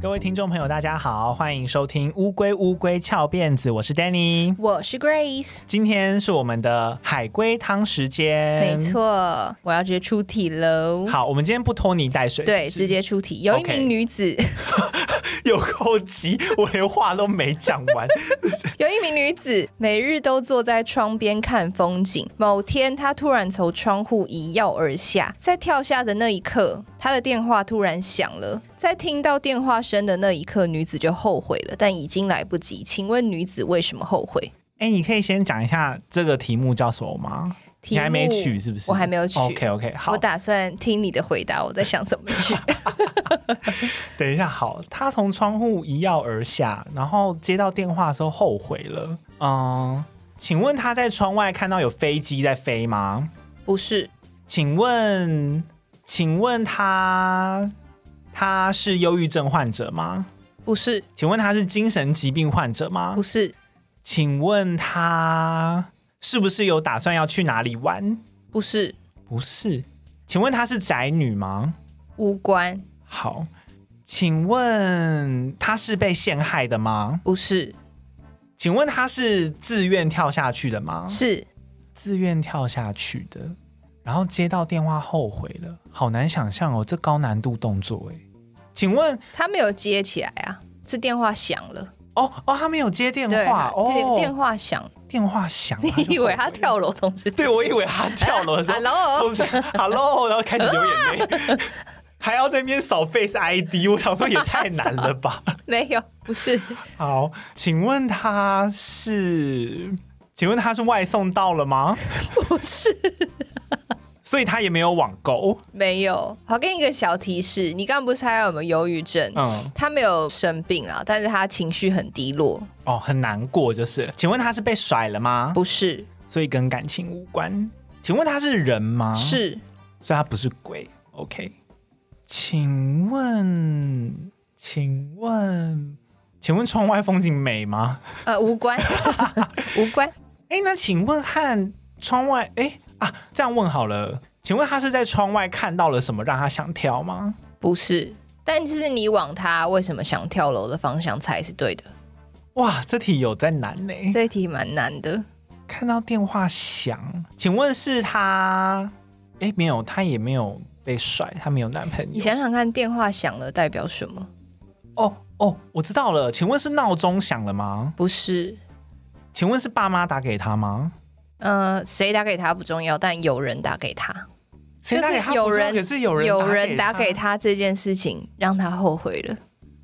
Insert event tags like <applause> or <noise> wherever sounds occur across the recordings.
各位聽眾朋友，大家好，歡迎收聽《烏龜烏龜翹辮子》，我是 Danny，我是 Grace，今天是我們的海龜湯時間，沒錯，我要直接出題嘍。好，我們今天不拖泥帶水，對，直接出題。有一名女子。Okay. <laughs> 有夠急，我連話都沒講完。 <laughs> <laughs> 有一名女子每日都坐在窗邊看風景，某天她突然從窗戶一躍而下，在跳下的那一刻，她的電話突然響了。在聽到電話聲的那一刻，女子就後悔了，但已經來不及。請問女子為什麼後悔？哎、欸，你可以先講一下這個題目叫什麼嗎？你還沒取是不是？我還沒有取。OK OK，好，我打算聽你的回答。我在想怎麼去。 <laughs> 等一下，好，他從窗戶一躍而下，然後接到電話的時候後悔了。嗯，請問他在窗外看到有飛機在飛嗎？不是。請問，請問他他是憂鬱症患者嗎？不是。請問他是精神疾病患者嗎？不是。請問他？是不是有打算要去哪裡玩？不是，不是。請問她是宅女嗎？無關。好，請問她是被陷害的嗎？不是。請問她是自願跳下去的嗎？是自願跳下去的。然後接到電話後悔了，好難想象哦，喔，這高難度動作，欸，請問她沒有接起來啊？是電話響了。哦哦，他沒有接電話，哦、電話響，電話響，你以為他跳樓通知？對，我以為他跳樓說 <laughs> “hello hello”，然後開始流眼淚， <laughs> 還要在那邊掃 Face ID，我想說也太難了吧？沒有，不是。好，請問他是，請問他是外送到了嗎？不是。所以他也沒有網購，沒有。好，給你一個小提示，你剛剛不是還有沒有憂鬱症？嗯，他沒有生病啊，但是他情緒很低落，哦，很難過就是。請問他是被甩了嗎？不是，所以跟感情無關。請問他是人嗎？是，所以他不是鬼。OK，請問，請問，請問窗外風景美嗎？呃，無關， <laughs> 無關。哎、 <laughs> 欸，那請問和窗外，哎、欸。啊，這樣問好了。請問他是在窗外看到了什麼讓他想跳嗎？不是，但是你往他為什麼想跳樓的方向猜是對的。哇，這題有在難呢？欸，這題蠻難的。看到電話響，請問是他？哎、欸，沒有，他也沒有被甩，他沒有男朋友。你想想看，電話響了代表什麼？哦哦，我知道了。請問是鬧鐘響了嗎？不是。請問是爸媽打給他嗎？呃，誰打給他不重要，但有人打給他，給他就是有人是有人有人打給他這件事情，讓他後悔了。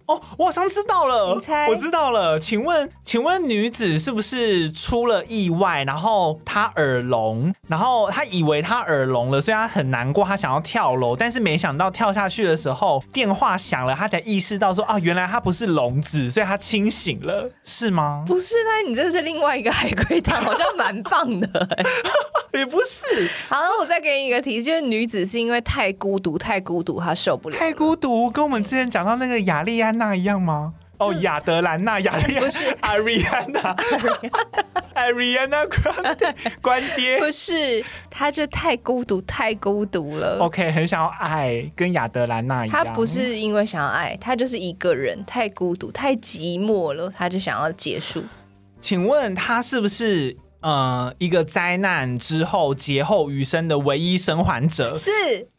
哦，我好像知道了，我猜，我知道了。請問，請問女子是不是出了意外？然後她耳聾，然後她以為她耳聾了，所以她很難過，她想要跳樓，但是沒想到跳下去的時候電話響了，她才意識到說啊，原來她不是聾子，所以她清醒了，是嗎？不是，那你這是另外一個海龜湯， <laughs> 好像蠻棒的欸。 <laughs> 也不是，好了，那我再給你一個提示，就是女子是因為太孤獨，太孤獨，她受不了了，太孤獨，跟我們之前講到那個亞莉安。那一樣嗎？哦、oh, 就，亞德蘭娜，亞莉是安娜，Ariana，Ariana Grande，關爹不是，他就太孤獨，太孤獨了。OK，很想要愛，跟亞德蘭娜一樣。他不是因為想要愛，他就是一個人，太孤獨，太寂寞了，他就想要結束。請問他是不是呃一個災難之後劫後餘生的唯一生還者？是。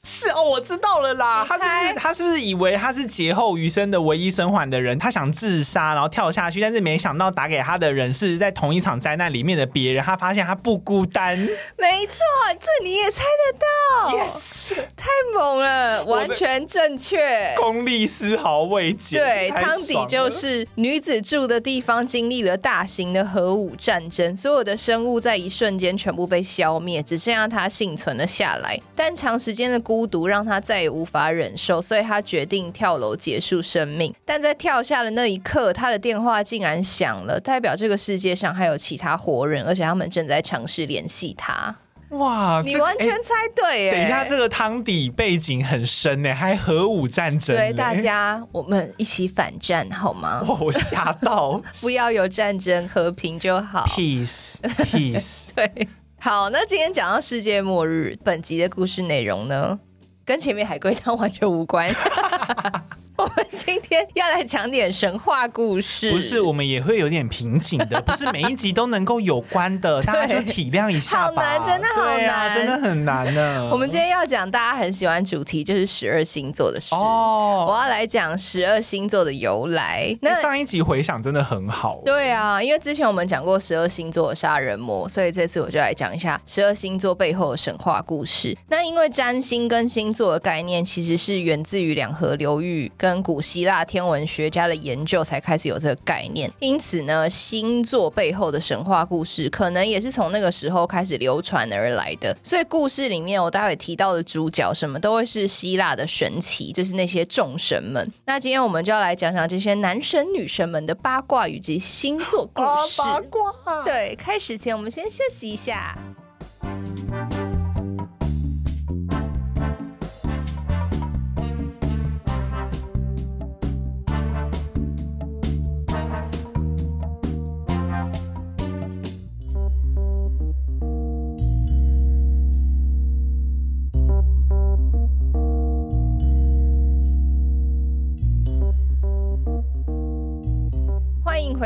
是哦，我知道了啦。你猜？他是不是他是不是以為他是劫後餘生的唯一生還的人？他想自殺，然後跳下去，但是沒想到打給他的人是在同一場災難裡面的別人。他發現他不孤單。沒錯，這你也猜得到。Yes，太猛了，完全正確，功力絲毫未減。對，湯底就是女子住的地方經歷了大型的核武戰爭，所有的生物在一瞬間全部被消滅，只剩下她倖存了下來。但長時間的孤孤獨讓他再也無法忍受，所以他決定跳樓結束生命。但在跳下的那一刻，他的電話竟然響了，代表這個世界上還有其他活人，而且他們正在嘗試聯繫他。哇，你完全猜對，欸！等一下，這個湯底背景很深呢，還核武戰爭。對，大家我們一起反戰好嗎？我嚇到！ <laughs> 不要有戰爭，和平就好。Peace，peace Peace.。 <laughs> 對。好，那今天講到世界末日，本集的故事內容呢，跟前面海龜湯完全無關。 <laughs> <laughs> 我們今天要來講點神話故事，不是我們也會有點瓶頸的， <laughs> 不是每一集都能夠有關的， <laughs> 大家就體諒一下吧，好難，真的好難，啊、真的很難呢。 <laughs> 我們今天要講大家很喜歡主題，就是十二星座的事。哦，oh, 我要來講十二星座的由來。欸、那、欸、上一集回想真的很好。對啊，因為之前我們講過十二星座的殺人魔，所以這次我就來講一下十二星座背後的神話故事。那因為占星跟星座的概念其實是源自於兩河流域跟古希臘天文學家的研究才開始有這個概念，因此呢，星座背後的神話故事可能也是從那個時候開始流傳而來的。所以故事裡面我待會提到的主角什麼都會是希臘的神祇，就是那些眾神們。那今天我們就要來講講這些男神女神們的八卦以及星座故事。八卦啊，對。開始前我們先休息一下。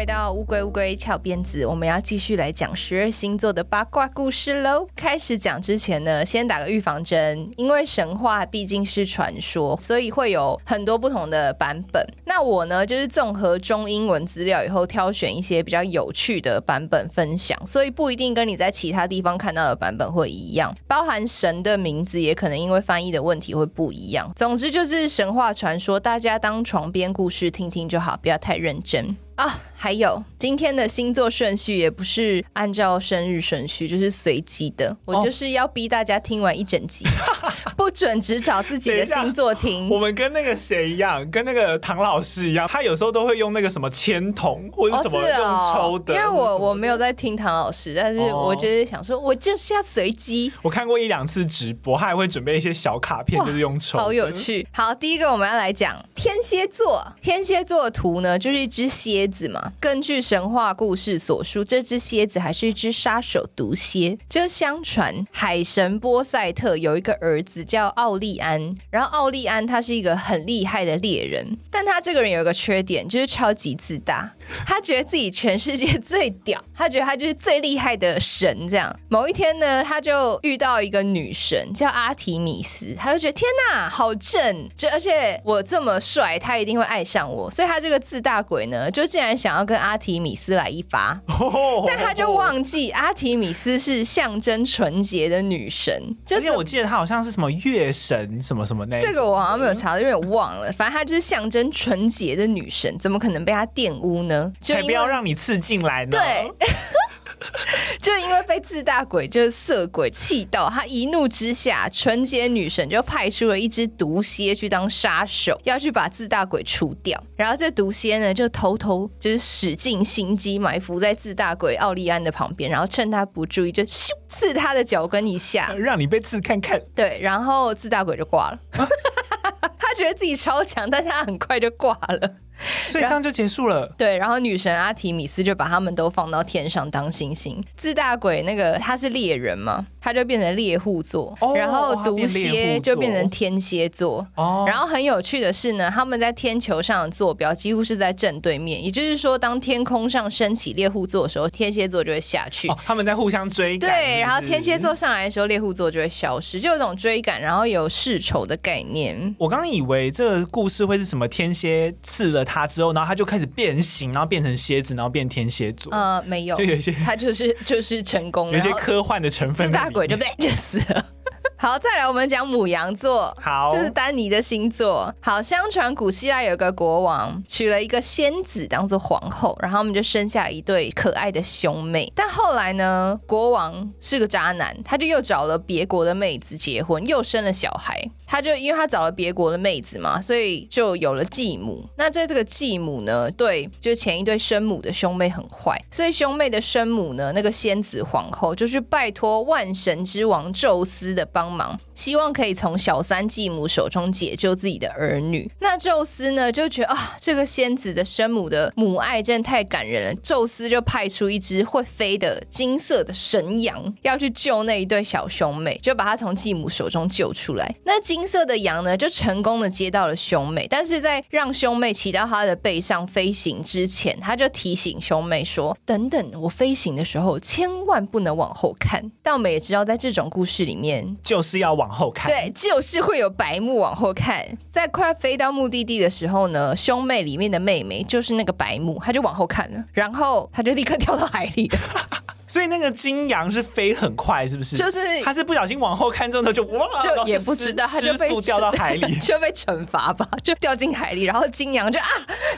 到烏龜烏龜翹辮子，我們要繼續來講十二星座的八卦故事嘍。開始講之前呢，先打個預防針，因為神話畢竟是傳說，所以會有很多不同的版本。那我呢，就是綜合中英文資料以後，挑選一些比較有趣的版本分享，所以不一定跟你在其他地方看到的版本會一樣。包含神的名字，也可能因為翻譯的問題會不一樣。總之就是神話傳說，大家當床邊故事聽聽就好，不要太認真。啊，oh, 還有。今天的星座順序也不是按照生日順序，就是隨機的。我就是要逼大家聽完一整集， <laughs> 不准只找自己的星座聽。我們跟那個誰一樣，跟那個唐老師一樣，他有時候都會用那個什麼籤筒或者什麼用抽的。哦哦、的因為我我沒有在聽唐老師，但是我就是想說，我就是要隨機、哦。我看過一兩次直播，他也會準備一些小卡片，就是用抽的。好有趣。好，第一個我們要來講天蠍座。天蠍座的圖呢，就是一隻蠍子嘛。根據。神話故事所述，這只蠍子還是一只殺手毒蠍。就相傳，海神波塞特有一個兒子叫奧利安，然後奧利安他是一個很厲害的獵人，但他這個人有一個缺點，就是超級自大。他覺得自己全世界最屌，他覺得他就是最厲害的神。這樣，某一天呢，他就遇到一個女神叫阿提米斯，他就覺得天哪，好正！就而且我這麼帥，他一定會愛上我。所以，他這個自大鬼呢，就竟然想要跟阿提米斯來一發，但他就忘記阿提米斯是象徵純潔的女神，因為我記得她好像是什麼月神什麼什麼那個。這個我好像沒有查到，因為我忘了。反正她就是象徵純潔的女神，怎麼可能被她玷汙呢？才不要讓你刺進來呢！對。 <laughs> 就因為被自大鬼就是色鬼氣到，他一怒之下，純潔女神就派出了一只毒蠍去當殺手，要去把自大鬼除掉。然後這毒蠍呢，就偷偷就是使盡心機埋伏在自大鬼奧利安的旁邊，然後趁他不注意就咻刺他的腳跟一下，讓你被刺看看。對，然後自大鬼就掛了。啊、 <laughs> 他覺得自己超強，但是他很快就掛了。所以這樣就結束了。對，然後女神阿提米斯就把他們都放到天上當星星。自大鬼那個他是獵人嘛，他就變成獵戶座。然後毒蠍就變成天蠍座。然後很有趣的是呢，他們在天球上的坐標幾乎是在正對面，也就是說，當天空上升起獵戶座的時候，天蠍座就會下去。他們在互相追趕。對，然後天蠍座上，上來的時候，獵戶座就會消失，就有種追趕，然後有世仇的概念。我剛以為這個故事會是什麼天蠍刺了。他之後，然後他就開始變形，然後變成蠍子，然後變天蠍座。呃，沒有，就有些他就是就是成功了， <laughs> 有一些科幻的成分後。是大鬼對不對？ <laughs> 就死了。好，再來我們講牡羊座，好，就是丹尼的星座。好，相傳古希臘有個國王娶了一個仙子當做皇後，然後他們就生下一對可愛的兄妹。但後來呢，國王是個渣男，他就又找了別國的妹子結婚，又生了小孩。他就因為他找了別國的妹子嘛，所以就有了繼母。那在這個繼母呢，對，就是前一對生母的兄妹很壞，所以兄妹的生母呢，那個仙子皇後，就是拜託萬神之王宙斯的幫忙。希望可以從小三繼母手中解救自己的兒女。那宙斯呢，就覺得啊、哦，這個仙子的生母的母愛真的太感人了。宙斯就派出一隻會飛的金色的神羊，要去救那一對小兄妹，就把他從繼母手中救出來。那金色的羊呢，就成功的接到了兄妹，但是在讓兄妹騎到他的背上飛行之前，他就提醒兄妹說：“等等，我飛行的時候千萬不能往後看。”但我們也知道，在這種故事裡面，就是要往。往後看，對，就是會有白目往後看，在快飛到目的地的時候呢，兄妹裡面的妹妹就是那個白目，她就往後看了，然後她就立刻跳到海裡。 <laughs> 所以那個金羊是飛很快，是不是？就是，他是不小心往後看，中的就哇，就也不知道他被掉到海裡，就被懲罰吧，就掉進海裡。然後金羊就啊，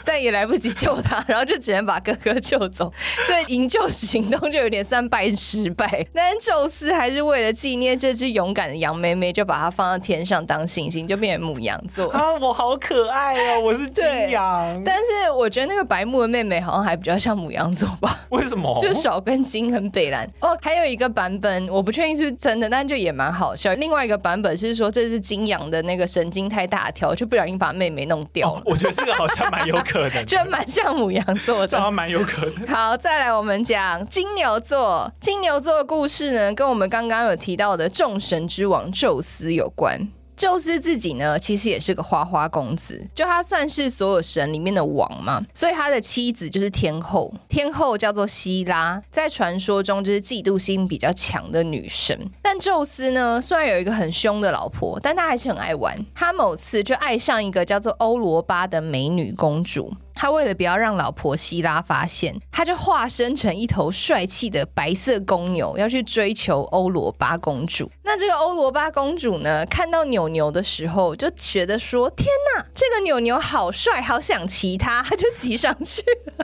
但也來不及救他，然後就只能把哥哥救走。所以營救行動就有點算敗失敗。但是宙斯還是為了紀念這隻勇敢的羊妹妹，就把它放到天上當星星，就變成牡羊座啊！我好可愛哦，我是金羊。但是我覺得那個白木的妹妹好像還比較像牡羊座吧？為什麼？就少根筋。北蘭哦，oh, 還有一個版本我不確定是真的，但就也蠻好笑。另外一個版本是說，這是金羊的那個神經太大條，就不小心把妹妹弄掉了。哦，我覺得這個好像蠻有可能的， <laughs> 就蠻像牡羊座的，這樣蠻有可能。好，再來我們講金牛座。金牛座的故事呢，跟我們剛剛有提到的眾神之王宙斯有關。宙斯自己呢，其實也是個花花公子，就他算是所有神裡面的王嘛，所以他的妻子就是天後，天后叫做希拉，在傳說中就是嫉妒心比較強的女神。但宙斯呢，雖然有一個很凶的老婆，但他還是很愛玩。他某次就愛上一個叫做歐羅巴的美女公主。他為了不要讓老婆希拉發現，他就化身成一頭帥氣的白色公牛，要去追求歐羅巴公主。那這個歐羅巴公主呢，看到牛牛的時候就覺得說：“天吶，這個牛牛好帥，好想騎它。”她就騎上去。 <laughs>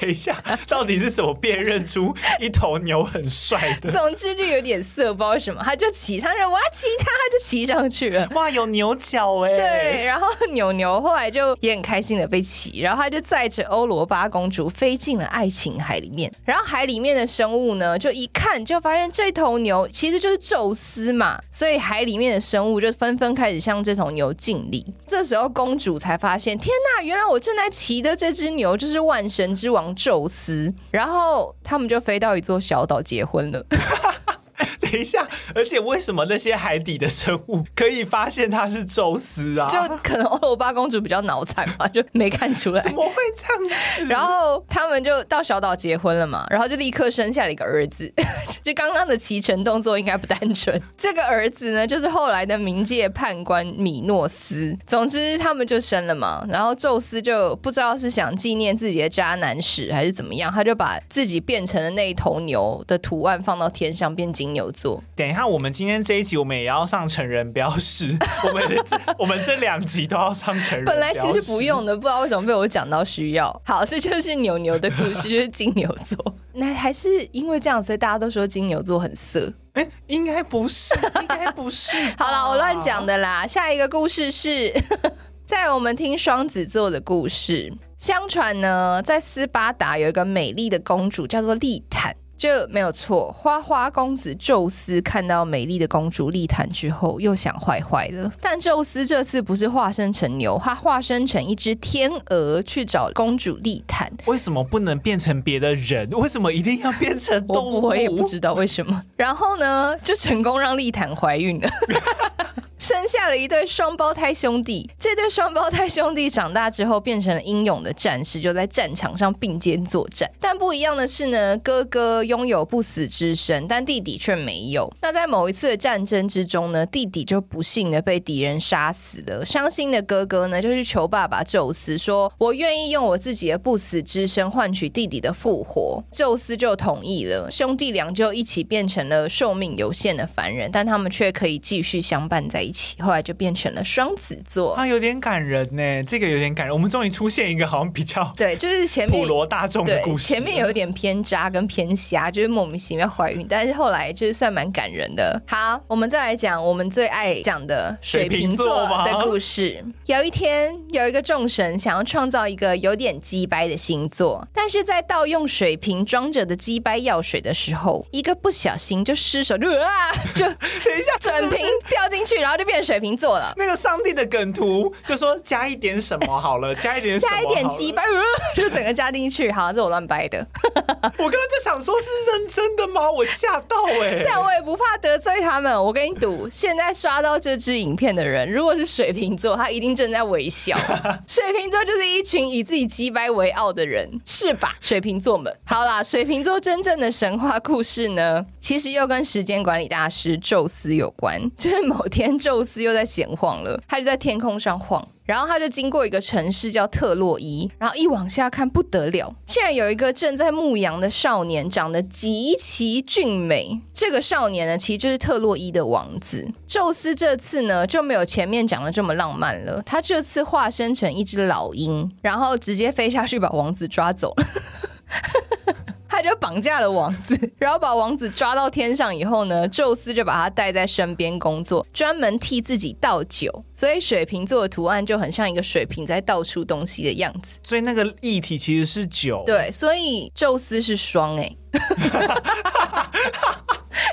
等一下，到底是怎麼辨認出一頭牛很帥的？ <laughs> 總之就有點色，不知道為什麼，他就騎，他說我要騎他，他就騎上去了。哇，有牛角哎、欸！對，然後牛牛後來就也很開心的被騎，然後他就載着歐羅巴公主飛進了愛琴海裡面。然後海裡面的生物呢，就一看就發現這頭牛其實就是宙斯嘛，所以海裡面的生物就紛紛開始向這頭牛敬禮。這時候公主才發現，天吶，原來我正在騎的這隻牛就是萬神之。王宙斯，然後他們就飛到一座小島結婚了。 <laughs> 等一下，而且為什麼那些海底的生物可以發現他是宙斯啊？就可能歐羅巴公主比較腦殘嘛，就沒看出來。 <laughs> 怎麼會這樣子？然後他們就到小島結婚了嘛，然後就立刻生下了一個兒子。 <laughs> 就剛剛的騎乘動作應該不單純。這個兒子呢，就是後來的冥界判官米諾斯。總之他們就生了嘛，然後宙斯就不知道是想紀念自己的渣男史還是怎麼樣，他就把自己變成了那一頭牛的圖案，放到天上變金牛座，等一下，我們今天這一集我們也要上成人標識， <laughs> 我們我們這兩集都要上成人。本來其實不用的，不知道為什麼被我講到需要。好，這就是牛牛的故事， <laughs> 就是金牛座。 <laughs> 那還是因為這樣，所以大家都說金牛座很色。哎、欸，應該不是，應該不是。 <laughs> 好啦，我亂講的啦。下一個故事是 <laughs> 在我們聽雙子座的故事。相傳呢，在斯巴達有一個美麗的公主叫做麗坦。這沒有錯。花花公子宙斯看到美麗的公主麗坦之後，又想壞壞了。但宙斯這次不是化身成牛，他化身成一隻天鵝去找公主麗坦。為什麼不能變成別的人？為什麼一定要變成動物？ <laughs> 我，我也不知道為什麼。然後呢，就成功讓麗坦懷孕了。 <laughs> 生下了一對雙胞胎兄弟，這對雙胞胎兄弟長大之後變成了英勇的戰士，就在戰場上並肩作戰。但不一樣的是呢，哥哥擁有不死之身，但弟弟卻沒有。那在某一次的戰爭之中呢，弟弟就不幸的被敵人殺死了。傷心的哥哥呢，就去、是、求爸爸宙斯說，說我願意用我自己的不死之身換取弟弟的復活。宙斯就同意了，兄弟倆就一起變成了壽命有限的凡人，但他們卻可以繼續相伴在一起。一起，後來就變成了雙子座，啊，有點感人呢、欸。這個有點感人，我們終於出現一個好像比較對，就是前面普羅大眾的故事。前面有點偏渣跟偏瞎，就是莫名其妙懷孕，但是後來就是算蠻感人的。好，我們再來講我們最愛講的水瓶座的故事。有一天，有一個眾神想要創造一個有點雞掰的星座，但是在盜用水瓶裝着的雞掰藥水的時候，一個不小心就失手，就啊，就等一下整瓶掉進去，然後就。就變水瓶座了。那個上帝的梗圖，就說加一點什麼好了， <laughs> 加一點什麼，加一點雞掰、呃、就整個加進去。好，這我亂掰的。 <laughs> 我剛剛就想說，是認真的嗎？我嚇到哎、欸！但 <laughs> 我也不怕得罪他們。我跟你賭，現在刷到這支影片的人，如果是水瓶座，他一定正在微笑。 <laughs> 水瓶座就是一群以自己雞掰為傲的人，是吧？水瓶座們，好啦，水瓶座真正的神話故事呢，其實又跟時間管理大師宙斯有關。就是某天宙。宙斯又在閒晃了，他就在天空上晃，然後他就經過一個城市叫特洛伊，然後一往下看不得了，竟然有一個正在牧羊的少年，長得極其俊美。這個少年呢，其實就是特洛伊的王子。宙斯這次呢就沒有前面講的這麼浪漫了，他這次化身成一隻老鷹，然後直接飛下去把王子抓走了。 <laughs> 他就綁架了王子，然後把王子抓到天上以後呢，宙斯就把他帶在身邊工作，專門替自己倒酒。所以水瓶座的圖案就很像一個水瓶在倒出東西的樣子，所以那個液體其實是酒。對，所以宙斯是雙哎、欸。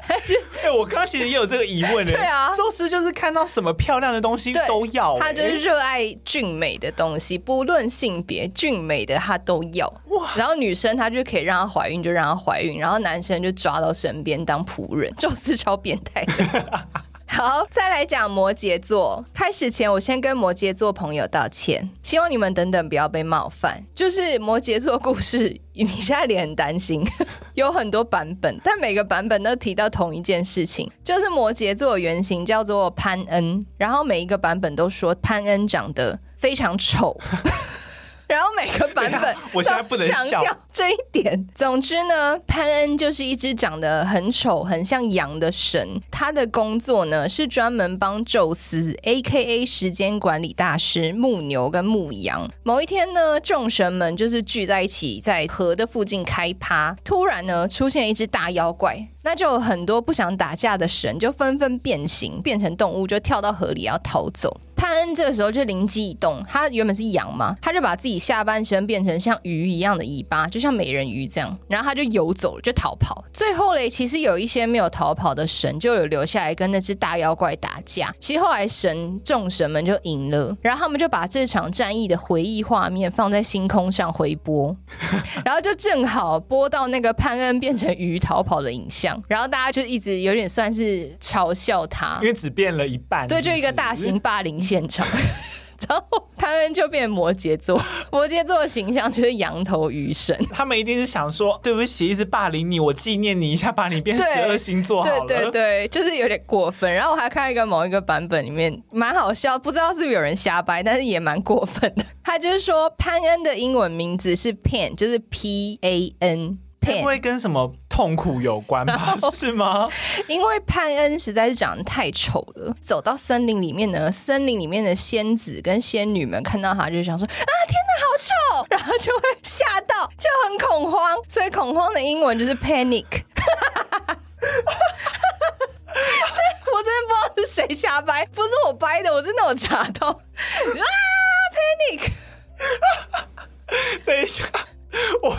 哎、 <laughs> <laughs> 欸，我剛剛其實也有這個疑問嘞、欸。對啊，宙斯就是看到什麼漂亮的東西對都要、欸，他就是熱愛俊美的東西，不論性別，俊美的他都要哇。然後女生他就可以讓她懷孕，就讓她懷孕；然後男生就抓到身邊當僕人。宙斯超變態。 <laughs> 好，再來講摩羯座。開始前，我先跟摩羯座朋友道歉，希望你們等等不要被冒犯。就是摩羯座故事，你現在也很擔心， <laughs> 有很多版本，但每個版本都提到同一件事情，就是摩羯座原型叫做潘恩，然後每一個版本都說潘恩長得非常醜。 <laughs> 然後每個版本，都強調這一點。總之呢，潘恩就是一隻長得很醜、很像羊的神。他的工作呢，是專門幫宙斯 （A.K.A. 時間管理大師）牧牛跟牧羊。某一天呢，眾神們就是聚在一起在河的附近開趴，突然呢出現了一隻大妖怪，那就有很多不想打架的神就紛紛變形變成動物，就跳到河裡要逃走。潘恩這個時候就靈機一動，他原本是羊嘛，他就把自己下半身變成像魚一樣的尾巴，就像美人魚這樣，然後他就游走了，就逃跑。最後嘞，其實有一些沒有逃跑的神就有留下來跟那只大妖怪打架。其實後來神眾神們就贏了，然後他們就把這場戰役的回憶畫面放在星空上回播，然後就正好播到那個潘恩變成魚逃跑的影像，然後大家就一直有點算是嘲笑他，因為只變了一半，對，就一個大型霸凌線。現場， <laughs> 然後潘恩就變摩羯座，摩羯座的形象就是羊頭魚身。他們一定是想說，對不起，一直霸凌你，我紀念你一下，把你變成十二星座好了。對對對，對，就是有點過分。然後我還看一個某一個版本裡面蠻好笑，不知道是不是有人瞎掰，但是也蠻過分的。他就是說，潘恩的英文名字是 Pan，就是 P A N，潘會跟什麼？痛苦有關吧？後是嗎？因為潘恩實在是長得太醜了，走到森林裡面呢，森林裡面的仙子跟仙女們看到他就想說：“啊，天哪，好醜！”然後就會嚇到，就很恐慌。所以恐慌的英文就是 panic。 <laughs> <laughs> 我真的不知道是誰瞎掰，不是我掰的，我真的有查到啊，panic。Pan <laughs> 等一下，我。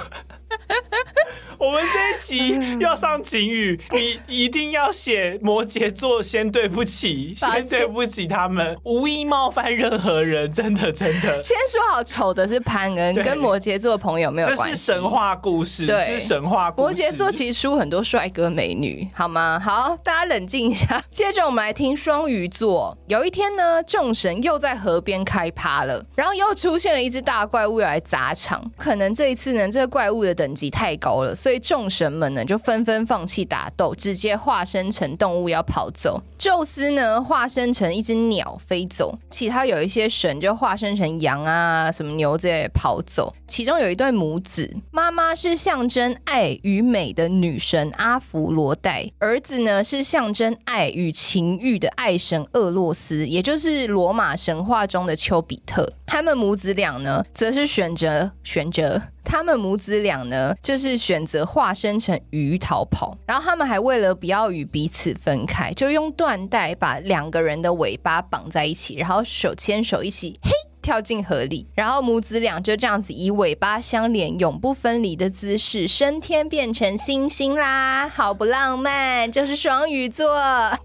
<laughs> 我們這一集要上警語，你一定要寫摩羯座。先對不起，先對不起他們，無意冒犯任何人，真的真的。先說好，醜的是潘恩對跟摩羯座朋友沒有關係，這是神話故事對是神話故事。對摩羯座其實出很多帥哥美女，好嗎？好，大家冷靜一下。接着我們來聽雙魚座。有一天呢，眾神又在河邊開趴了，然後又出現了一隻大怪物要來砸場，可能這一次呢，這個怪物的。等級太高了，所以眾神們呢就紛紛放棄打鬥，直接化身成動物要跑走。宙斯呢化身成一隻鳥飛走，其他有一些神就化身成羊啊、什麼牛之類的跑走。其中有一對母子，媽媽是象徵愛與美的女神阿芙羅黛，兒子呢是象徵愛與情欲的愛神厄洛斯，也就是羅馬神話中的丘比特。他們母子倆呢，則是選擇選擇，他們母子倆呢，就是選擇化身成魚逃跑。然後他們還為了不要與彼此分開，就用緞帶把兩個人的尾巴綁在一起，然後手牽手一起嘿。跳進河裡，然後母子倆就這樣子以尾巴相連、永不分離的姿勢升天，變成星星啦，好不浪漫！就是雙魚座，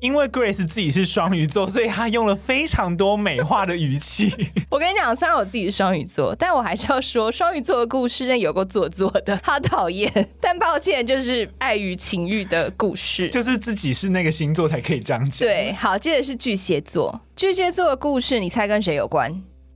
因為 Grace 自己是雙魚座，所以她用了非常多美化的語氣。 <laughs> 我跟你講，雖然我自己是雙魚座，但我還是要說，雙魚座的故事有夠做作的，好討厭。但抱歉，就是愛與情慾的故事，就是自己是那個星座才可以這樣講。對，好，接着是巨蟹座，巨蟹座的故事，你猜跟誰有關？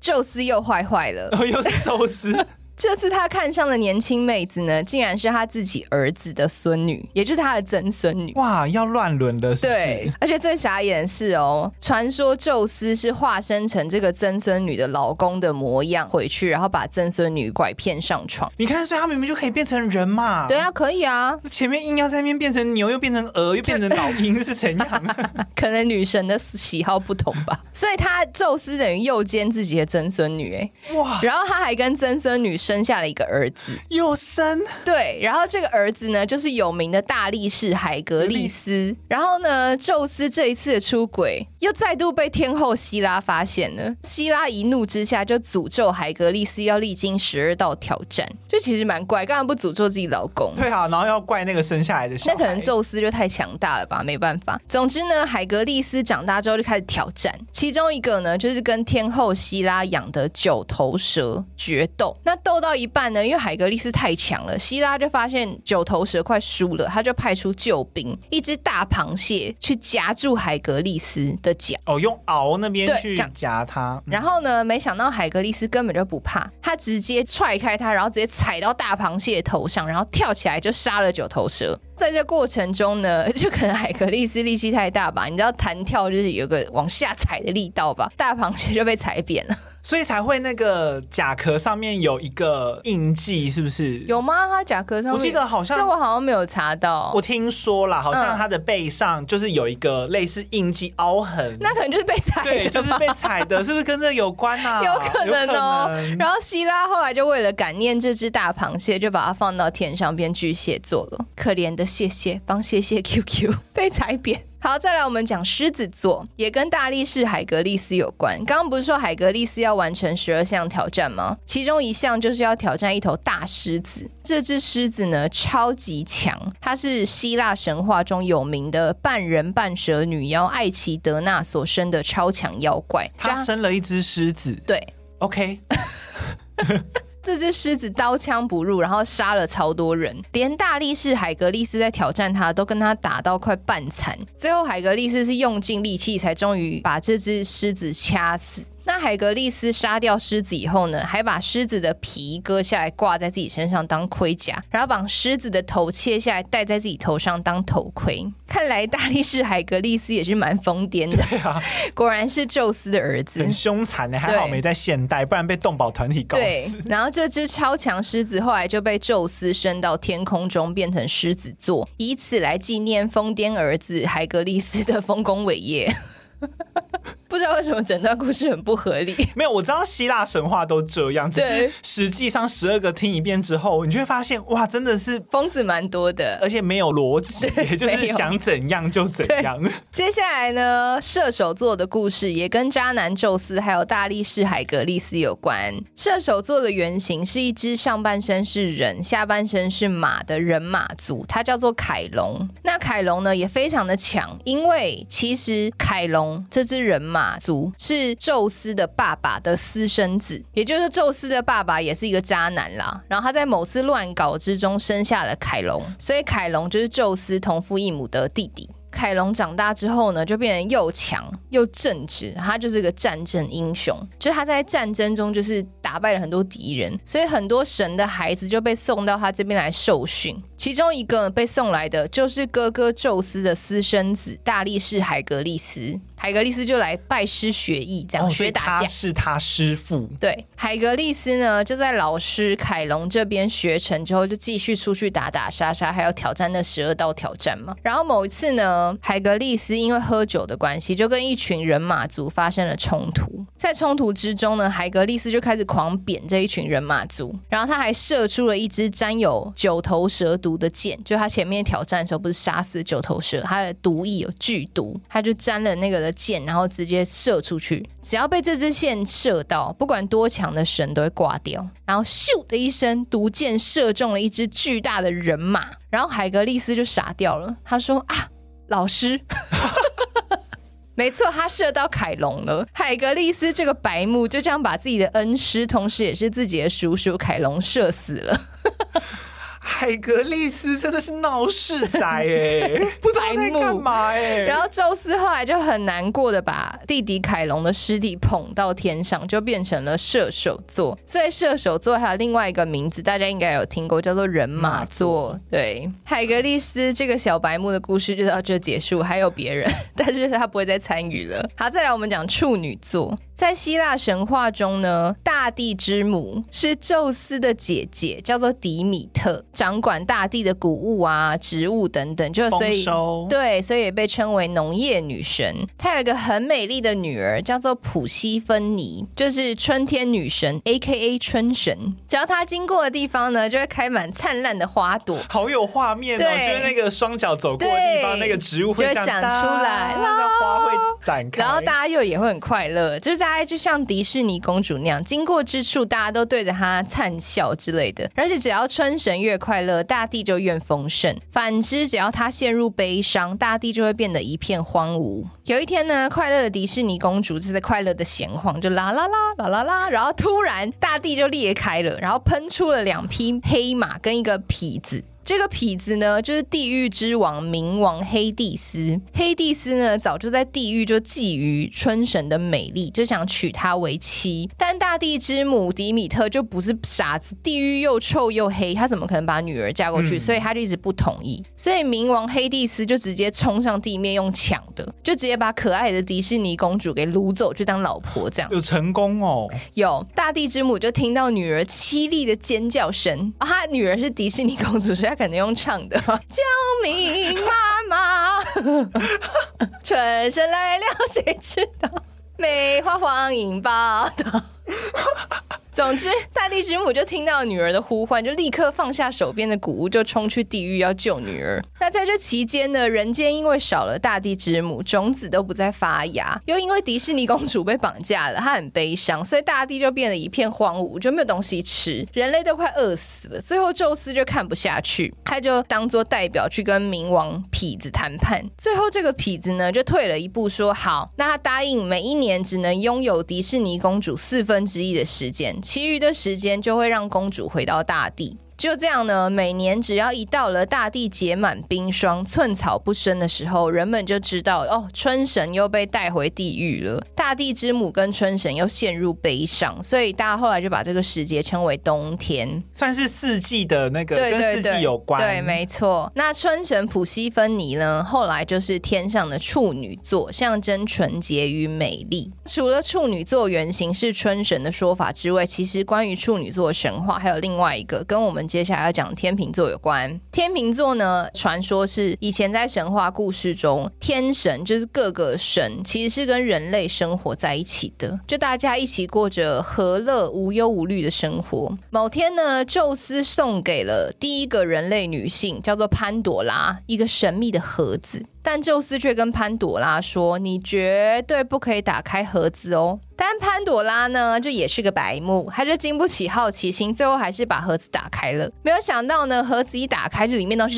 宙斯又壞壞了，哦，又是宙斯。 <laughs> 這次他看上的年輕妹子呢，竟然是他自己兒子的孫女，也就是他的曾孫女。哇，要亂倫的是不是？對，而且最傻眼是哦，傳說宙斯是化身成這個曾孫女的老公的模樣回去，然後把曾孫女拐騙上床。你看，所以他明明就可以變成人嘛。對啊，可以啊。前面硬要在那邊變成牛，又變成鵝，又變成老鷹，是怎樣的？ <laughs> 可能女神的喜好不同吧。所以他宙斯等於誘姦自己的曾孫女。欸，哎，哇！然後他還跟曾孫女，生下了一個兒子，又生？對，然後這個兒子呢，就是有名的大力士海格利斯。然後呢，宙斯這一次的出軌又再度被天後希拉發現了，希拉一怒之下就詛咒海格利斯要歷經十二道挑戰，就其實蠻怪，幹嘛不詛咒自己老公？對啊，然後要怪那個生下來的。那可能宙斯就太強大了吧，沒辦法。總之呢，海格利斯長大之後就開始挑戰，其中一個呢，就是跟天後希拉養的九頭蛇決鬥，那鬥到一半呢，因為海格利斯太強了，希拉就發現九頭蛇快輸了，他就派出救兵，一隻大螃蟹去夾住海格利斯的腳。哦，用螯那邊去夾它。嗯、然後呢，沒想到海格利斯根本就不怕，他直接踹開它，然後直接踩到大螃蟹的頭上，然後跳起來就殺了九頭蛇。在這過程中呢，就可能海格力斯力氣太大吧？你知道彈跳就是有個往下踩的力道吧？大螃蟹就被踩扁了，所以才會那個甲殼上面有一個印記，是不是？有嗎？它甲殼上面我記得好像，這我好像沒有查到。我聽說啦，好像它的背上就是有一個類似印記凹痕，嗯，那可能就是被踩的，對，就是被踩的，是不是跟這個有關啊？ <laughs> 有可能哦。有可能。然後希拉後來就為了感念這只大螃蟹，就把它放到天上變巨蟹座了。可憐的。謝謝，幫謝謝 QQ <laughs> 被踩扁。好，再來我們講獅子座，也跟大力士海格力斯有關。剛剛不是說海格力斯要完成十二項挑戰嗎？其中一項就是要挑戰一頭大獅子。這只獅子呢，超級強，它是希臘神話中有名的半人半蛇女妖艾奇德納所生的超強妖怪。他生了一只獅子，對，OK。 <laughs> <laughs> 這隻獅子刀槍不入，然後殺了超多人，連大力士海格力斯在挑戰他，都跟他打到快半殘。最後，海格力斯是用盡力氣，才終於把這隻獅子掐死。那海格力斯殺掉獅子以後呢，還把獅子的皮割下來掛在自己身上當盔甲，然後把獅子的頭切下來戴在自己頭上當頭盔。看來大力士海格力斯也是蠻瘋癲的。對啊，果然是宙斯的兒子，很兇殘呢。還好沒在現代，對不然被動保團體告。對，然後這隻超強獅子後來就被宙斯升到天空中，變成獅子座，以此來紀念瘋癲兒子海格力斯的豐功偉業。 <laughs> 不知道為什麼整段故事很不合理。沒有，我知道希臘神話都這樣子。只是實際上十二個聽一遍之後，對你就會發現哇，真的是瘋子蠻多的，而且沒有邏輯，也對就是想怎樣就怎樣。接下來呢，射手座的故事也跟渣男宙斯還有大力士海格力斯有關。射手座的原型是一隻上半身是人、下半身是馬的人馬族，它叫做凱龍。那凱龍呢也非常的強，因為其實凱龍這隻人馬。馬族是宙斯的爸爸的私生子，也就是宙斯的爸爸也是一個渣男啦。然後他在某次亂搞之中生下了凱龍，所以凱龍就是宙斯同父異母的弟弟。凱龍長大之後呢，就變成又強又正直，他就是個戰爭英雄，就是他在戰爭中就是打敗了很多敵人，所以很多神的孩子就被送到他這邊來受訓。其中一個被送來的就是哥哥宙斯的私生子，大力士海格力斯。海格利斯就來拜師學藝，這樣、哦、學打架。他是他師傅。對，海格利斯呢，就在老師凱龍這邊學成之後，就繼續出去打打殺殺，還要挑戰那十二道挑戰嘛。然後某一次呢，海格利斯因為喝酒的關係，就跟一群人馬族發生了衝突。在衝突之中呢，海格利斯就開始狂扁這一群人馬族，然後他還射出了一支沾有九頭蛇毒的箭。就他前面挑戰的時候，不是殺死九頭蛇，他的毒液有劇毒，他就沾了那個。箭，然後直接射出去，只要被這支箭射到，不管多強的神都會掛掉。然後咻的一聲，毒箭射中了一隻巨大的人馬，然後海格力斯就傻掉了。他說：“啊，老師， <laughs> 沒錯，他射到凱龍了。海格力斯這個白目，就這樣把自己的恩師，同時也是自己的叔叔凱龍射死了。 <laughs> ”海格力斯真的是鬧事仔哎，白木，不知道在幹嘛哎？然後宙斯後來就很難過的把弟弟凱龍的屍體捧到天上，就變成了射手座。所以射手座還有另外一個名字，大家應該有聽過，叫做人馬座。嗯、對，海格力斯這個小白木的故事就到這結束。還有別人， <laughs> 但是他不會再參與了。好，再來我們講處女座。在希臘神話中呢，大地之母是宙斯的姐姐，叫做迪米特，掌管大地的穀物啊、植物等等，就所以收對，所以也被稱為農業女神。她有一個很美麗的女兒，叫做普西芬妮，就是春天女神 （A.K.A. 春神）。只要她經過的地方呢，就會開滿燦爛的花朵。好有畫面、喔，哦對就是那個雙腳走過的地方，對那個植物會就長出來，啊、然後然後花會展開，然後大家又也會很快樂，就是在。大概就像迪士尼公主那樣，經過之處大家都對着她燦笑之類的。而且只要春神越快樂，大地就越豐盛；反之，只要她陷入悲傷，大地就會變得一片荒蕪。有一天呢，快樂的迪士尼公主正在快樂的閒晃，就啦啦啦啦啦啦，然後突然大地就裂開了，然後噴出了兩匹黑馬跟一個痞子。這個痞子呢，就是地獄之王冥王黑帝斯。黑帝斯呢，早就在地獄就覬覦春神的美麗，就想娶她為妻。但大地之母迪米特就不是傻子，地獄又臭又黑，他怎麼可能把女兒嫁過去？所以他就一直不同意。嗯、所以冥王黑帝斯就直接衝上地面用搶的，就直接把可愛的迪士尼公主給擄走，就當老婆這樣。有成功哦！有，大地之母就聽到女兒淒厲的尖叫聲，啊、哦，她女兒是迪士尼公主，是。肯定用唱的，救命媽媽，春神 <laughs> 來了，誰知道梅花黃鶯報到。 <laughs> 總之，大地之母就聽到女兒的呼喚，就立刻放下手邊的穀物，就衝去地獄要救女兒。那在這期間呢，人間因為少了大地之母，種子都不再發芽，又因為迪士尼公主被綁架了，她很悲傷，所以大地就變得一片荒蕪，就沒有東西吃，人類都快餓死了。最後，宙斯就看不下去，他就當做代表去跟冥王痞子談判。最後，這個痞子呢就退了一步說，說好，那他答應每一年只能擁有迪士尼公主四分分之一的時間，其餘的時間就會讓公主回到大地。就這樣呢，每年只要一到了大地結滿冰霜、寸草不生的時候，人們就知道哦，春神又被帶回地獄了。大地之母跟春神又陷入悲傷，所以大家後來就把這個時節稱為冬天，算是四季的那個，對對對，跟四季有關。對，對，沒錯。那春神普希芬尼呢？後來就是天上的處女座，象徵純潔與美麗。除了處女座原型是春神的說法之外，其實關於處女座神話還有另外一個跟我們。接下來要講天秤座，有關天秤座呢，傳說是以前在神話故事中，天神就是各個神其實是跟人類生活在一起的，就大家一起過着和樂無憂無慮的生活。某天呢，宙斯送給了第一個人類女性叫做潘朵拉一個神祕的盒子。但宙斯卻跟潘多拉說：“你絕對不可以打開盒子哦。”但潘多拉呢，就也是個白目，還是經不起好奇心，最後還是把盒子打開了。沒有想到呢，盒子一打開，就裡面東西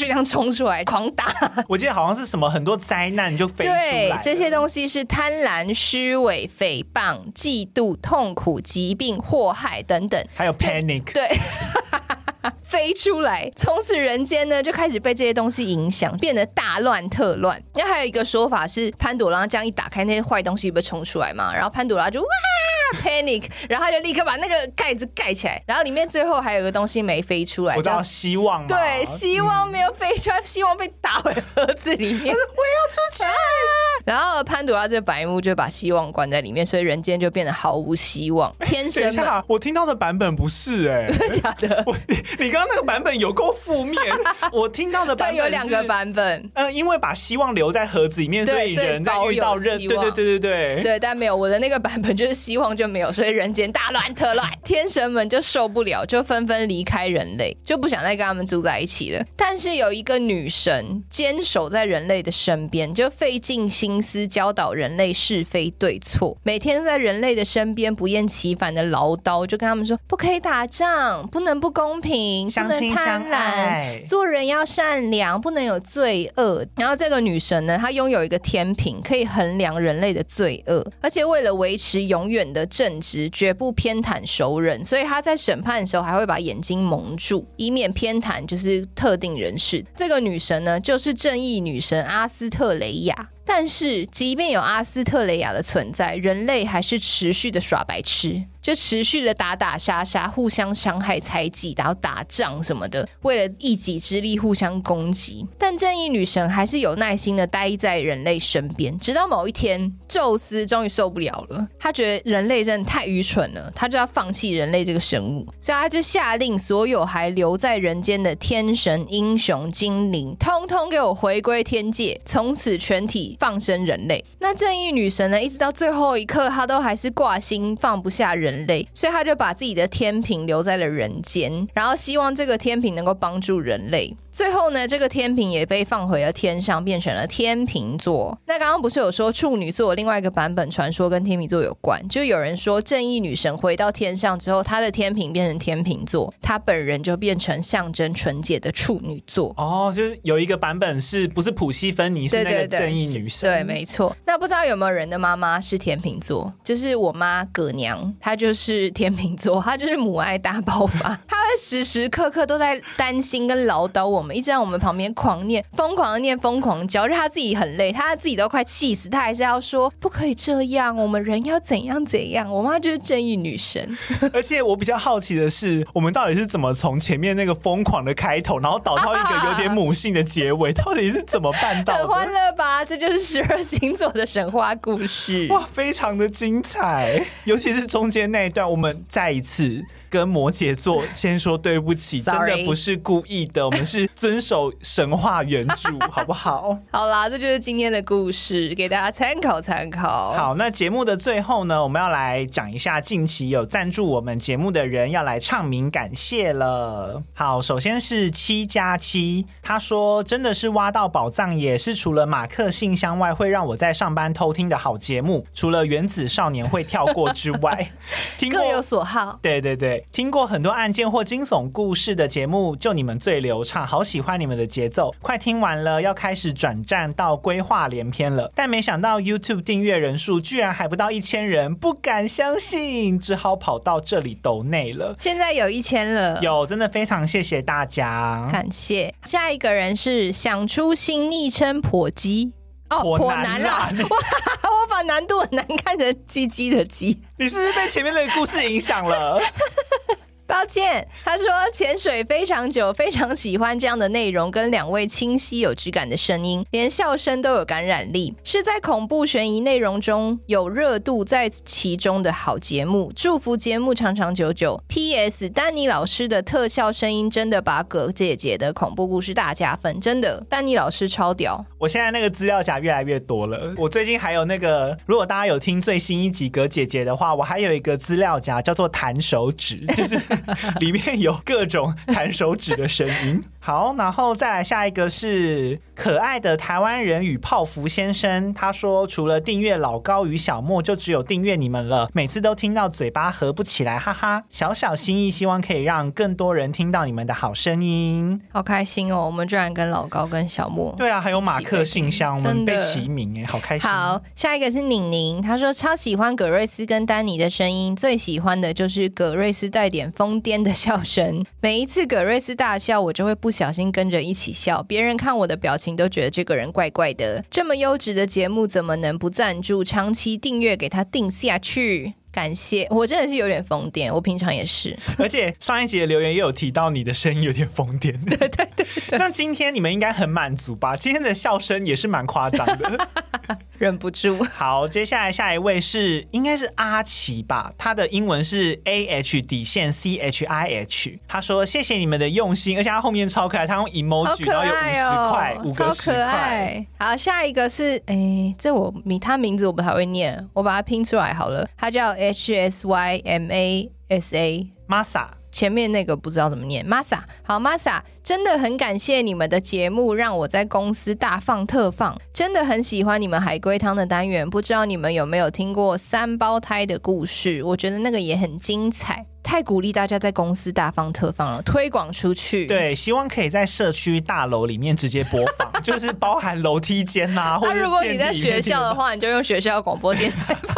就這樣衝出來，狂打。我記得好像是什麼很多災難就飛出來了。對，這些東西是貪婪、虛偽、誹謗、嫉妒、痛苦、疾病、禍害等等，還有 panic。對。 <laughs> 飛出來，從此人間呢就開始被這些東西影響，變得大亂特亂。那還有一個說法是，潘朵拉這樣一打開，那些壞東西不衝出來嘛？然後潘朵拉就哇 <laughs> ，panic，然後他就立刻把那個蓋子蓋起來。然後裡面最後還有個東西沒飛出來， <laughs> 要我知道希望。對，希望沒有飛出來，希望被打回盒子裡面。 <laughs> 我要出去啊，啊！然後潘朵拉這個白目就把希望關在裡面，所以人間就變得毫無希望。天生？的、欸。我聽到的版本不是哎、欸，真的 <laughs> 假的？你剛。你剛剛他那個版本有夠負面， <laughs> 我聽到的版本是有兩個版本，嗯，因為把希望留在盒子裡面，對所以人在遇到認對對對對對對，對但沒有我的那個版本就是希望就沒有，所以人間大亂特亂， <laughs> 天神們就受不了，就紛紛離開人類，就不想再跟他們住在一起了。但是有一個女神堅守在人類的身邊，就費盡心思教導人類是非對錯，每天在人類的身邊不厭其煩的嘮叨，就跟他們說不可以打仗，不能不公平。不能貪婪，相親相愛，做人要善良，不能有罪惡。然後這個女神呢，她擁有一個天平，可以衡量人類的罪惡，而且為了維持永遠的正直，絕不偏袒熟人。所以她在審判的時候還會把眼睛蒙住，以免偏袒就是特定人士。這個女神呢，就是正義女神阿斯特蕾雅。但是即便有阿斯特蕾雅的存在，人類還是持續的耍白痴。就持續的打打殺殺，互相傷害、猜忌，然後打仗什麼的，為了一己之力互相攻擊。但正義女神還是有耐心的待在人類身邊，直到某一天，宙斯終於受不了了，他覺得人類真的太愚蠢了，他就要放棄人類這個生物，所以他就下令所有還留在人間的天神、英雄、精靈，通通給我回歸天界，從此全體放生人類。那正義女神呢，一直到最後一刻，她都還是掛心，放不下人。人類，所以他就把自己的天平留在了人間，然後希望這個天平能夠幫助人類。最後呢，這個天平也被放回了天上，變成了天秤座。那剛剛不是有說處女座另外一個版本傳說跟天秤座有關？就有人說正義女神回到天上之後，她的天平變成天秤座，她本人就變成象徵純潔的處女座。哦，就是有一個版本是不是普西芬尼是那個正義女神？對，對，對，對，沒錯。那不知道有沒有人的媽媽是天秤座？就是我媽葛娘，她就是天秤座，他就是母愛大爆發，他會時時刻刻都在擔心跟嘮叨我們，一直在我們旁邊狂念、瘋狂的念、瘋狂的教，讓他自己很累，他自己都快氣死，他還是要說不可以這樣，我們人要怎樣怎樣。我媽就是正義女神，而且我比較好奇的是，我們到底是怎麼從前面那個瘋狂的開頭，然後導到一個有點母性的結尾， <laughs> 到底是怎麼辦到的？很歡樂吧，這就是十二星座的神話故事。哇，非常的精彩，尤其是中間。那一段，我們再一次。跟摩羯座先說對不起，Sorry. 真的不是故意的，我們是遵守神話原著， <laughs> 好不好？好啦，這就是今天的故事，給大家參考參考。好，那節目的最後呢，我們要來講一下近期有贊助我們節目的人，要來唱名感謝了。好，首先是七加七，7, 他說真的是挖到寶藏也，也是除了馬克信箱外會讓我在上班偷聽的好節目，除了原子少年會跳過之外， <laughs> 各有所好。對對對。聽過很多案件或驚悚故事的節目，就你們最流暢，好喜歡你們的節奏。快聽完了，要開始轉戰到鬼話連篇了，但沒想到 YouTube 訂閱人數居然還不到一千人，不敢相信，只好跑到這裡抖內了。現在有一千了，有真的非常謝謝大家，感謝。下一個人是想出新昵稱婆雞。我、喔、難了，哇、我把難度很難看成雞雞的雞。 <laughs> 你是不是被前面那個故事影響了？ <laughs> 抱歉，他說潛水非常久，非常喜歡這樣的內容，跟兩位清晰有質感的聲音，連笑聲都有感染力，是在恐怖懸疑內容中有熱度在其中的好節目。祝福節目長長久久。P.S. 丹尼老師的特效聲音真的把葛姐姐的恐怖故事大加分，真的，丹尼老師超屌。我現在那個資料夾越來越多了，我最近還有那個，如果大家有聽最新一集葛姐姐的話，我還有一個資料夾叫做彈手指，就是。 <laughs> <laughs> 裡面有各種彈手指的聲音。好，然後再來下一個是可愛的臺灣人與泡芙先生，他說除了訂閱老高與小莫，就只有訂閱你們了。每次都聽到嘴巴合不起來，哈哈，小小心意，希望可以讓更多人聽到你們的好聲音，好開心哦！我們居然跟老高跟小莫，對啊，還有馬克信箱，我們被齊名哎，欸，好開心。好，下一個是寧寧，他說超喜歡葛瑞斯跟丹尼的聲音，最喜歡的就是葛瑞斯帶點瘋癲的笑聲，每一次葛瑞斯大笑，我就會不。小心跟着一起笑，別人看我的表情都覺得這個人怪怪的。這麼優質的節目怎麼能不贊助？長期訂閱給他定下去，感謝！我真的是有點瘋癲，我平常也是。而且上一集的留言也有提到你的聲音有點瘋癲， <laughs> 對，對對對。那 <laughs> 今天你們應該很滿足吧？今天的笑聲也是蠻誇張的。 <laughs> 忍不住。好，接下來下一位是應該是阿奇吧，他的英文是 A H 底線 C H I H，他說謝謝你們的用心，而且他後面超可愛，他用 emoji，、喔、然後有五十塊，五個十塊。好，下一個是，誒、欸，這我名他名字我不太會念，我把它拼出來好了，他叫 H S Y M A S A，Masa。前面那個不知道怎麼念，Massa，好 Massa，真的很感謝你們的節目，讓我在公司大放特放，真的很喜歡你們海龜湯的單元。不知道你們有沒有聽過三胞胎的故事？我覺得那個也很精彩，太鼓勵大家在公司大放特放了，推廣出去。對，希望可以在社區大樓裡面直接播放， <laughs> 就是包含樓梯間吶、啊， <laughs> 或者。那、啊、如果你在學校的話， <laughs> 你就用學校廣播電台吧。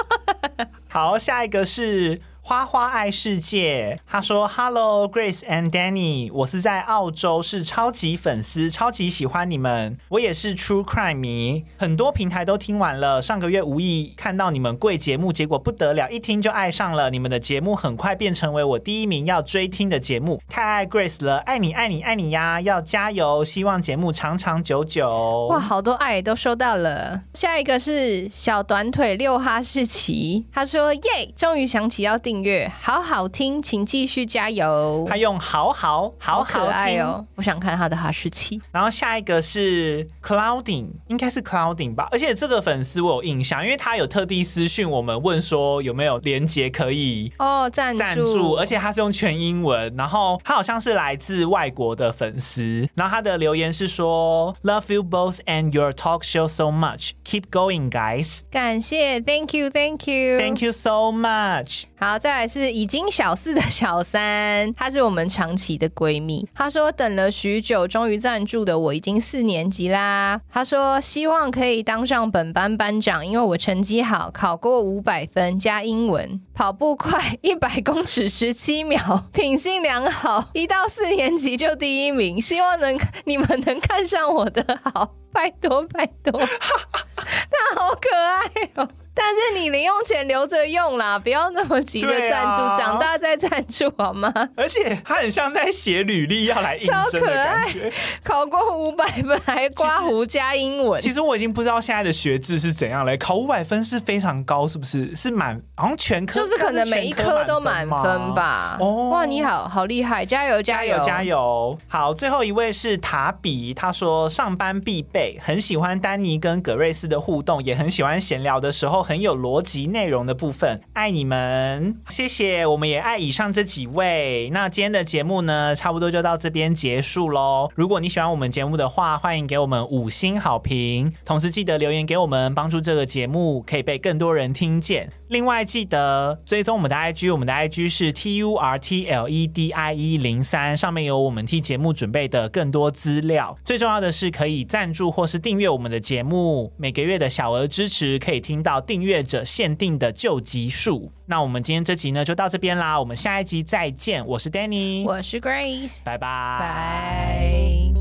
好，下一個是。花花愛世界，他說：“Hello Grace and Danny，我是在澳洲，是超級粉絲，超級喜歡你們，我也是 True Crime 迷，很多平台都聽完了。上個月無意看到你們貴節目，結果不得了，一聽就愛上了你們的節目，很快變成為我第一名要追聽的節目。太愛 Grace 了，愛你，愛你，愛你呀！要加油，希望節目長長久久。哇，好多愛都收到了。下一個是小短腿六哈士奇，他說：‘耶，終於想起要訂。’音樂好好聽，請繼續加油。他用好好好好」。愛哦、喔，我想看他的哈士奇。然後下一個是 Clouding，應該是 Clouding 吧。而且這個粉絲我有印象，因為他有特地私訊我們問說有沒有連結可以哦贊助，oh, 助而且他是用全英文。然後他好像是來自外國的粉絲。然後他的留言是說：Love you both and your talk show so much. Keep going, guys. 感謝，Thank you, Thank you, Thank you so much. 好，再來是已經小四的小三，她是我們長期的閨蜜。她說等了許久，終於贊助的我已經四年級啦。她說希望可以當上本班班長，因為我成績好，考過五百分加英文，跑步快一百公尺十七秒，品性良好，一到四年級就第一名。希望能你們能看上我的好，拜托拜托。她 <laughs> 好可愛哦。但是你零用錢留着用啦，不要那麼急的贊助，啊，長大再贊助好嗎？而且他很像在寫履歷要來應徵的感覺 <laughs> 超可愛，考過五百分還刮鬍加英文其。其實我已經不知道現在的學制是怎樣了，考五百分是非常高，是不是？是滿好像全科就是可能每一科都滿分吧？哦，哇，你好好厲害，加油加油加油，加油！好，最後一位是塔比，他說上班必備，很喜歡丹尼跟葛瑞斯的互動，也很喜歡閒聊的時候。很有邏輯內容的部分，愛你們，謝謝，我們也愛以上這幾位。那今天的節目呢，差不多就到這邊結束嘍。如果你喜歡我們節目的話，歡迎給我們五星好評，同時記得留言給我們，幫助這個節目可以被更多人聽見。另外記得追蹤我們的 IG，我們的 IG 是 T U R T L E D I E 零三，上面有我們替節目準備的更多資料。最重要的是，可以贊助或是訂閱我們的節目，每個月的小額支持可以聽到訂訂閱者限定的舊集數，那我們今天這集呢，就到這邊啦，我們下一集再見。我是 Danny，我是 Grace，拜拜。